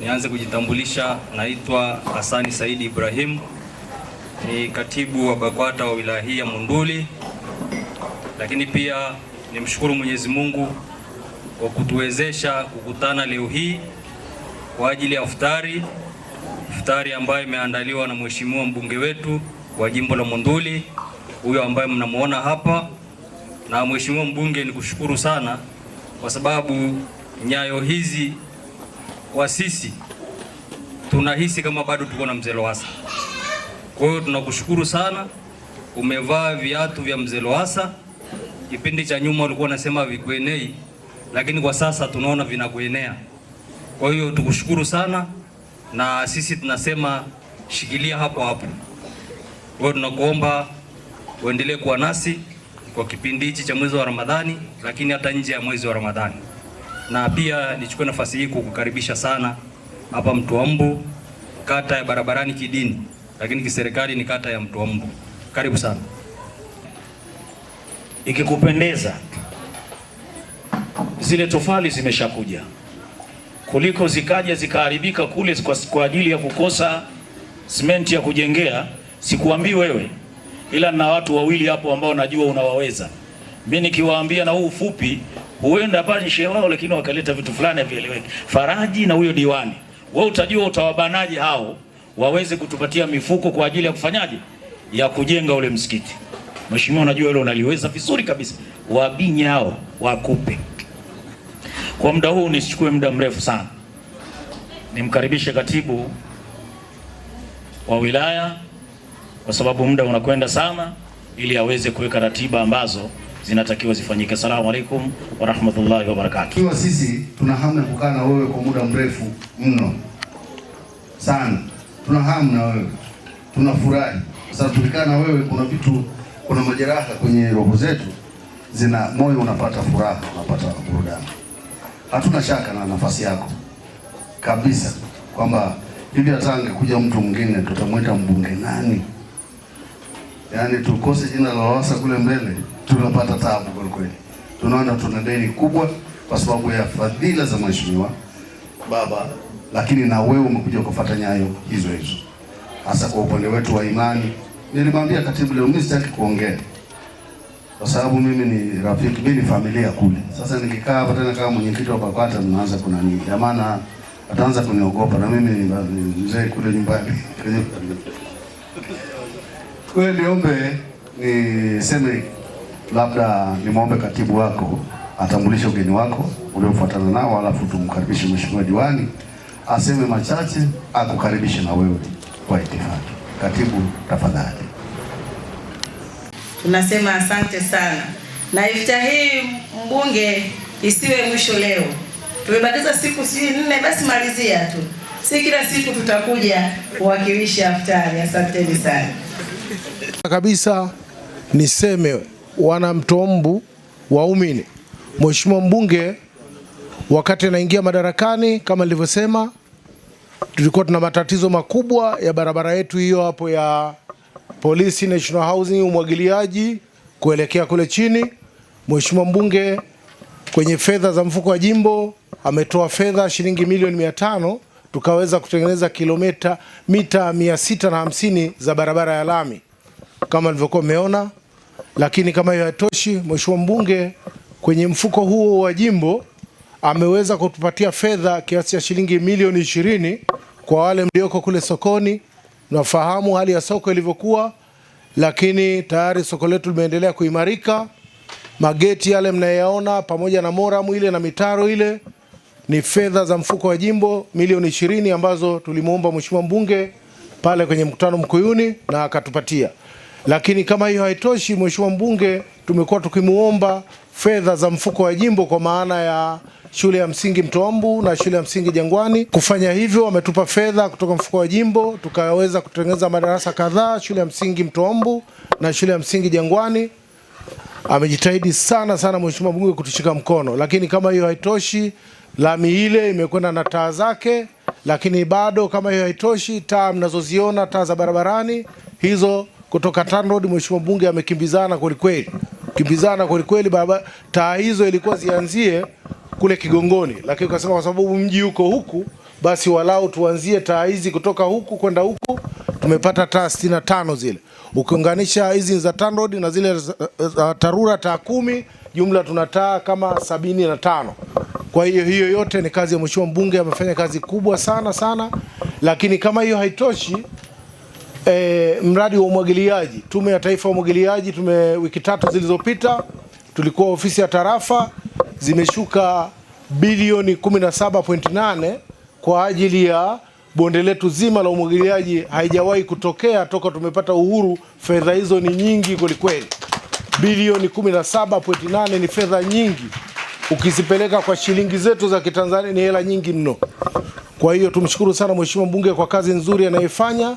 nianze kujitambulisha. Naitwa Hasani Saidi Ibrahim, ni katibu wa BAKWATA wa wilaya hii ya Monduli, lakini pia nimshukuru Mwenyezi Mungu kwa kutuwezesha kukutana leo hii kwa ajili ya iftari, iftari ambayo imeandaliwa na mheshimiwa mbunge wetu wa jimbo la Monduli huyo ambaye mnamuona hapa. Na mheshimiwa mbunge, nikushukuru sana kwa sababu nyayo hizi sisi tunahisi kama bado tuko na mzee Lowassa. Kwa hiyo tunakushukuru sana, umevaa viatu vya mzee Lowassa. Kipindi cha nyuma ulikuwa unasema vikuenei, lakini kwa sasa tunaona vinakuenea. Kwa hiyo tukushukuru sana, na sisi tunasema shikilia hapo hapo. Kwa hiyo tunakuomba uendelee kuwa nasi kwa kipindi hichi cha mwezi wa Ramadhani, lakini hata nje ya mwezi wa Ramadhani na pia nichukue nafasi hii kukukaribisha sana hapa mbu kata ya Barabarani kidini, lakini kiserikali ni kata ya mbu Karibu sana. Ikikupendeza, zile tofali zimeshakuja kuliko zikaja zikaharibika kule kwa, kwa ajili ya kukosa simenti ya kujengea. Sikuambii wewe, ila na watu wawili hapo ambao najua unawaweza. Mimi nikiwaambia na huu ufupi huenda pale shehe wao, lakini wakaleta vitu fulani havieleweki. Faraji na huyo diwani, wewe utajua utawabanaje hao waweze kutupatia mifuko kwa ajili ya kufanyaje, ya kujenga ule msikiti. Mheshimiwa, unajua hilo unaliweza vizuri kabisa, wabinye hao wakupe. Kwa muda huu nisichukue muda mrefu sana, nimkaribishe katibu wa wilaya, kwa sababu muda unakwenda sana, ili aweze kuweka ratiba ambazo zinatakiwa zifanyike. wa alaikum wa barakatuh. Kwa sisi tuna hamu ya kukaa na wewe kwa muda mrefu mno sana, tuna hamu na wewe, tunafurahi kwa sababu tulikaa na wewe. Kuna vitu, kuna majeraha kwenye roho zetu, zina moyo unapata furaha, unapata burudani. Hatuna shaka na nafasi yako kabisa kwamba hivi hata angekuja mtu mwingine tutamwita mbunge nani, yaani tukose jina la Lowassa kule mbele tunapata taabu kwelikweli. Tunaona tuna deni kubwa kwa sababu ya fadhila za mheshimiwa baba, lakini na wewe umekuja kufuata nyayo hizo hizo, hasa kwa upande wetu wa imani. Nilimwambia katibu leo, mimi sitaki kuongea kwa sababu mimi ni rafiki, mimi ni familia kule. Sasa nikikaa hapa tena kama mwenyekiti wa BAKWATA mnaanza kuna nini? Jamani, ataanza kuniogopa na mimi ni mzee kule nyumbani. Kwa hiyo niombe niseme labda nimwombe katibu wako atambulishe ugeni wako uliofuatana nao, alafu tumkaribishe mheshimiwa diwani aseme machache, akukaribishe na wewe kwa itifaki. Katibu tafadhali. Tunasema asante sana, na ifta hii mbunge isiwe mwisho leo. tumebatiza siku si nne, basi malizia tu, si kila siku tutakuja kuwakilisha iftari. Asanteni sana kabisa, niseme wana Mtombu waumini. Mheshimiwa mbunge wakati anaingia madarakani, kama nilivyosema, tulikuwa tuna matatizo makubwa ya barabara yetu hiyo hapo ya polisi National Housing, umwagiliaji kuelekea kule chini. Mheshimiwa mbunge kwenye fedha za mfuko wa jimbo ametoa fedha shilingi milioni mia tano tukaweza kutengeneza kilomita mita mia sita na hamsini za barabara ya lami kama nilivyokuwa mmeona lakini kama hiyo hatoshi, mheshimiwa mbunge kwenye mfuko huo wa jimbo ameweza kutupatia fedha kiasi cha shilingi milioni ishirini kwa wale mlioko kule sokoni. Nafahamu hali ya soko ilivyokuwa, lakini tayari soko letu limeendelea kuimarika. Mageti yale mnayaona pamoja na moramu ile na mitaro ile ni fedha za mfuko wa jimbo milioni ishirini ambazo tulimwomba mheshimiwa mbunge pale kwenye mkutano Mkuyuni na akatupatia. Lakini kama hiyo haitoshi, mheshimiwa mbunge, tumekuwa tukimuomba fedha za mfuko wa jimbo kwa maana ya shule ya msingi Mtoambu na shule ya msingi Jangwani. Kufanya hivyo, wametupa fedha kutoka mfuko wa jimbo tukaweza kutengeneza madarasa kadhaa shule ya msingi Mtoambu na shule ya msingi Jangwani. Amejitahidi sana sana mheshimiwa mbunge kutushika mkono, lakini kama hiyo haitoshi, lami ile imekwenda na taa zake. Lakini bado kama hiyo haitoshi, taa mnazoziona taa za barabarani hizo kutoka TANROADS mheshimiwa mbunge amekimbizana kweli kweli, kimbizana kweli kweli. Baba taa hizo ilikuwa zianzie kule Kigongoni, lakini ukasema kwa sababu mji uko huku, basi walau tuanzie taa hizi kutoka huku kwenda huku. Tumepata taa tano zile, ukiunganisha hizi za TANROADS na zile za TARURA taa kumi, jumla tuna taa kama sabini na tano. Kwa hiyo hiyo yote ni kazi ya mheshimiwa mbunge, amefanya kazi kubwa sana sana, lakini kama hiyo haitoshi e, mradi wa umwagiliaji. Tume ya Taifa ya Umwagiliaji tume, wiki tatu zilizopita tulikuwa ofisi ya tarafa, zimeshuka bilioni 17.8 kwa ajili ya bonde letu zima la umwagiliaji. Haijawahi kutokea toka tumepata uhuru, fedha hizo ni nyingi kwelikweli. Bilioni 17.8 ni fedha nyingi, ukizipeleka kwa shilingi zetu za Kitanzania ni hela nyingi mno. Kwa hiyo tumshukuru sana Mheshimiwa mbunge kwa kazi nzuri anayefanya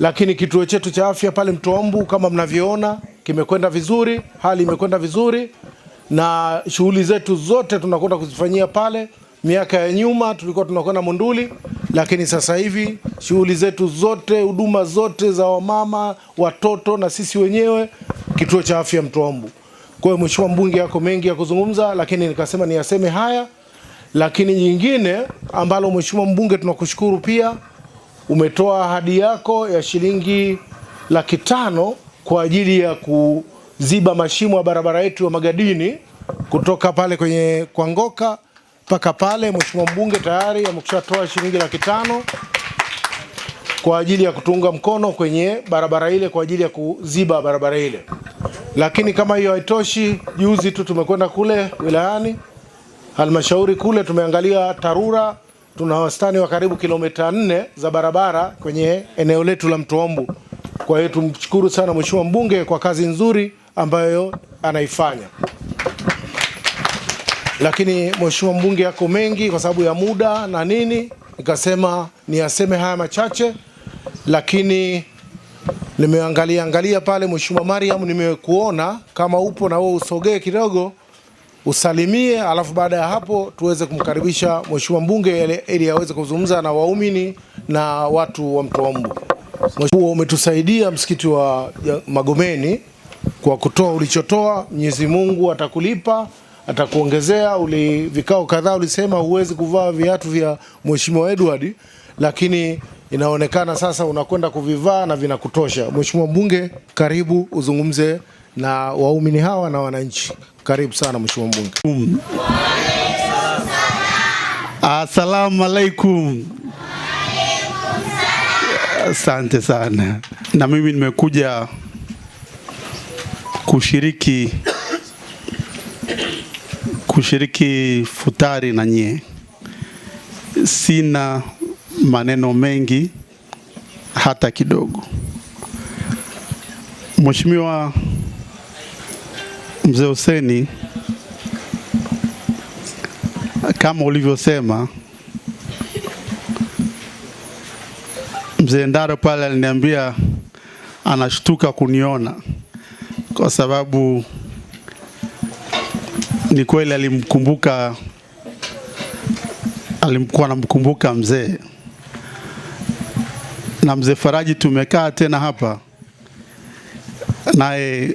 lakini kituo chetu cha afya pale Mtoambu kama mnavyoona kimekwenda vizuri, hali imekwenda vizuri na shughuli zetu zote tunakwenda kuzifanyia pale. Miaka ya nyuma tulikuwa tunakwenda Monduli, lakini sasa hivi shughuli zetu zote, huduma zote za wamama, watoto na sisi wenyewe, kituo cha afya Mtoambu. Kwa hiyo Mheshimiwa Mbunge, yako mengi ya kuzungumza, lakini nikasema niyaseme haya. Lakini nyingine ambalo Mheshimiwa Mbunge tunakushukuru pia umetoa ahadi yako ya shilingi laki tano kwa ajili ya kuziba mashimo ya barabara yetu ya Magadini kutoka pale kwenye Kwangoka mpaka pale. Mheshimiwa mbunge tayari amekushatoa shilingi laki tano kwa ajili ya kutunga mkono kwenye barabara ile kwa ajili ya kuziba barabara ile. Lakini kama hiyo haitoshi, juzi tu tumekwenda kule wilayani halmashauri kule tumeangalia TARURA tuna wastani wa karibu kilomita nne za barabara kwenye eneo letu la Mtoambu. Kwa hiyo tumshukuru sana mheshimiwa mbunge kwa kazi nzuri ambayo anaifanya, lakini mheshimiwa mbunge yako mengi kwa sababu ya muda na nini, nikasema aseme haya machache, lakini nimeangalia angalia pale, mheshimiwa Mariam, nimekuona kama upo na wewe usogee kidogo usalimie, alafu baada ya hapo tuweze kumkaribisha mheshimiwa mbunge ili aweze kuzungumza na waumini na watu wa mbu. Mheshimiwa, umetusaidia msikiti wa Magomeni kwa kutoa ulichotoa. Mwenyezi Mungu atakulipa atakuongezea. Uli vikao kadhaa ulisema huwezi kuvaa viatu vya mheshimiwa Edward, lakini inaonekana sasa unakwenda kuvivaa na vinakutosha. Mheshimiwa mbunge, karibu uzungumze na waumini hawa na wananchi. Karibu sana mheshimiwa mbunge. Asalamu alaikum. Asante sana. Na mimi nimekuja kushiriki kushiriki futari na nyie. Sina maneno mengi hata kidogo. Mheshimiwa Mzee useni kama ulivyosema, mzee Ndaro pale aliniambia anashtuka kuniona kwa sababu ni kweli alimkumbuka, alimkuwa anamkumbuka mzee na mzee Faraji. Tumekaa tena hapa naye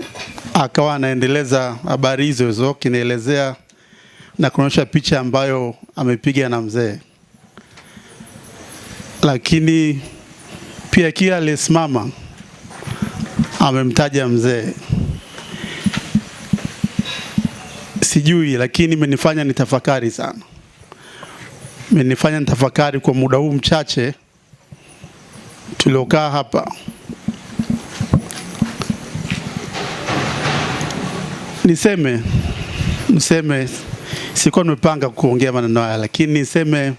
akawa anaendeleza habari hizo hizo, kinaelezea na kuonyesha picha ambayo amepiga na mzee, lakini pia kila aliyesimama amemtaja mzee. Sijui, lakini imenifanya nitafakari sana, imenifanya nitafakari kwa muda huu mchache tuliokaa hapa. Niseme niseme sikuwa nimepanga kuongea maneno haya, lakini niseme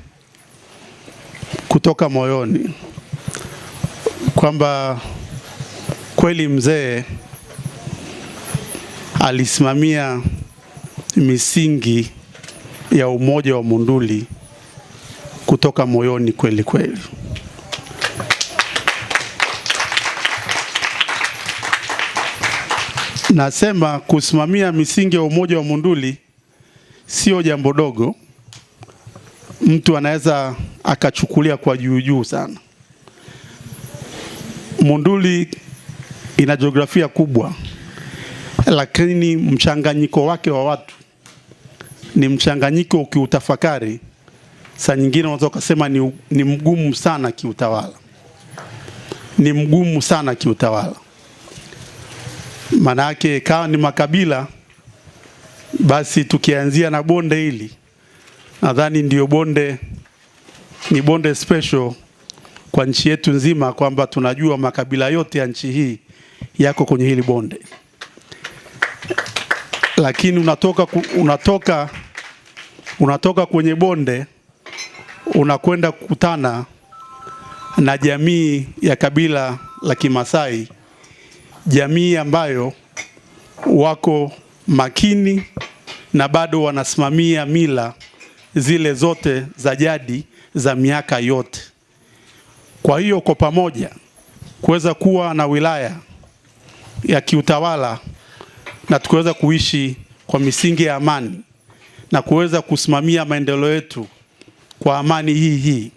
kutoka moyoni kwamba kweli mzee alisimamia misingi ya umoja wa Monduli kutoka moyoni kweli kweli. Nasema kusimamia misingi ya umoja wa Munduli sio jambo dogo, mtu anaweza akachukulia kwa juu juu sana. Munduli ina jiografia kubwa, lakini mchanganyiko wake wa watu ni mchanganyiko ukiutafakari, saa nyingine unaweza ukasema ni, ni mgumu sana kiutawala, ni mgumu sana kiutawala Manake kawa ni makabila basi, tukianzia na bonde hili nadhani ndio bonde ni bonde special kwa nchi yetu nzima, kwamba tunajua makabila yote ya nchi hii yako kwenye hili bonde, lakini unatoka, unatoka, unatoka kwenye bonde unakwenda kukutana na jamii ya kabila la Kimasai jamii ambayo wako makini na bado wanasimamia mila zile zote za jadi za miaka yote. Kwa hiyo kwa pamoja kuweza kuwa na wilaya ya kiutawala na tukiweza kuishi kwa misingi ya amani na kuweza kusimamia maendeleo yetu kwa amani hii hii,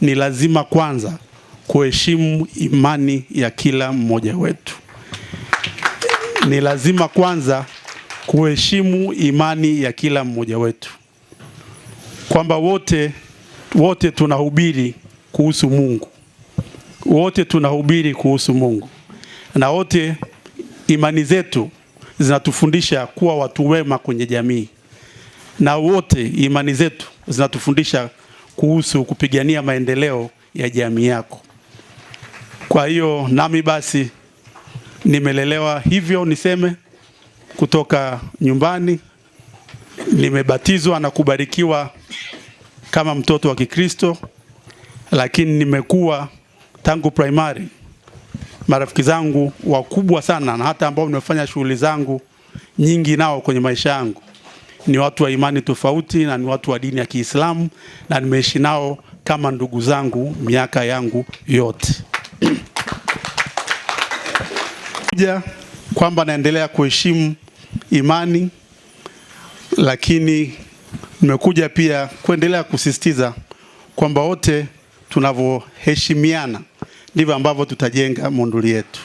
ni lazima kwanza kuheshimu imani ya kila mmoja wetu. Ni lazima kwanza kuheshimu imani ya kila mmoja wetu, kwamba wote wote tunahubiri kuhusu Mungu, wote tunahubiri kuhusu Mungu, na wote imani zetu zinatufundisha kuwa watu wema kwenye jamii, na wote imani zetu zinatufundisha kuhusu kupigania maendeleo ya jamii yako. Kwa hiyo nami basi nimelelewa hivyo niseme, kutoka nyumbani nimebatizwa na kubarikiwa kama mtoto wa Kikristo, lakini nimekuwa tangu primary marafiki zangu wakubwa sana na hata ambao nimefanya shughuli zangu nyingi nao kwenye maisha yangu ni watu wa imani tofauti na ni watu wa dini ya Kiislamu na nimeishi nao kama ndugu zangu miaka yangu yote moja kwamba naendelea kuheshimu imani, lakini nimekuja pia kuendelea kusisitiza kwamba wote tunavyoheshimiana ndivyo ambavyo tutajenga Monduli yetu.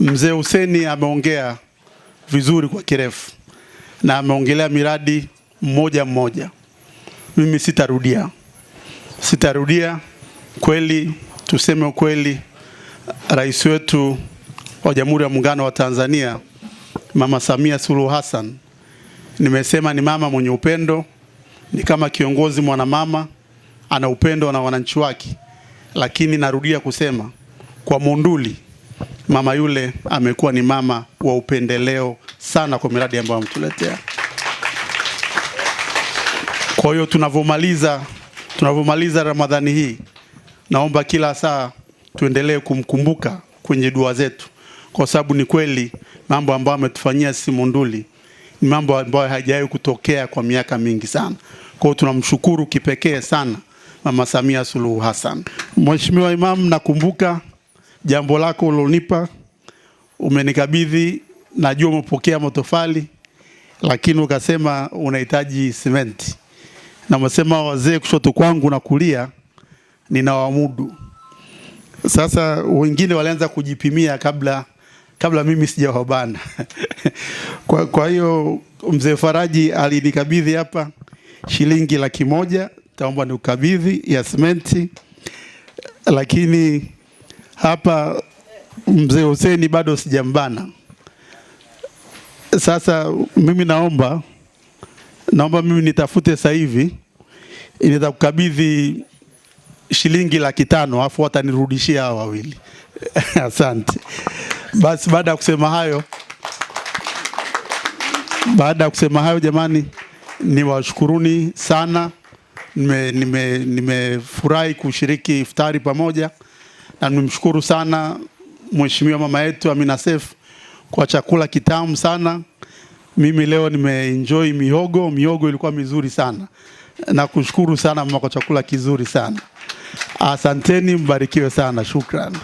Mzee Huseni ameongea vizuri kwa kirefu na ameongelea miradi mmoja mmoja. Mimi sitarudia, sitarudia. Kweli tuseme kweli, rais wetu wa Jamhuri ya Muungano wa Tanzania Mama Samia Suluhu Hassan, nimesema ni mama mwenye upendo, ni kama kiongozi mwanamama, ana upendo na wananchi wake, lakini narudia kusema kwa Monduli, mama yule amekuwa ni mama wa upendeleo sana kwa miradi ambayo ametuletea. Kwa hiyo tunavyomaliza tunavyomaliza Ramadhani hii, naomba kila saa tuendelee kumkumbuka kwenye dua zetu, kwa sababu ni kweli mambo ambayo ametufanyia simunduli ni mambo ambayo hajawahi kutokea kwa miaka mingi sana. Kwa hiyo tunamshukuru kipekee sana Mama Samia Suluhu Hassan. Mheshimiwa Imam, nakumbuka jambo lako ulonipa, umenikabidhi. Najua umepokea matofali, lakini ukasema unahitaji simenti, na umesema wazee kushoto kwangu na kulia ninawamudu. Sasa wengine walianza kujipimia kabla kabla mimi sijawabana. Kwa, kwa hiyo mzee Faraji alinikabidhi hapa shilingi laki moja, taomba ni ukabidhi ya simenti, lakini hapa mzee Huseni bado sijambana. Sasa mimi naomba naomba mimi nitafute sasa hivi nitakukabidhi shilingi laki tano afu watanirudishia hawa wawili asante. Basi baada ya kusema hayo, baada ya kusema hayo, jamani, niwashukuruni sana. Nimefurahi nime, kushiriki iftari pamoja na nimemshukuru sana mheshimiwa mama yetu Amina sef kwa chakula kitamu sana. Mimi leo nimeenjoy mihogo, mihogo ilikuwa mizuri sana. Nakushukuru sana mama kwa chakula kizuri sana. Asanteni, mbarikiwe sana. Shukrani.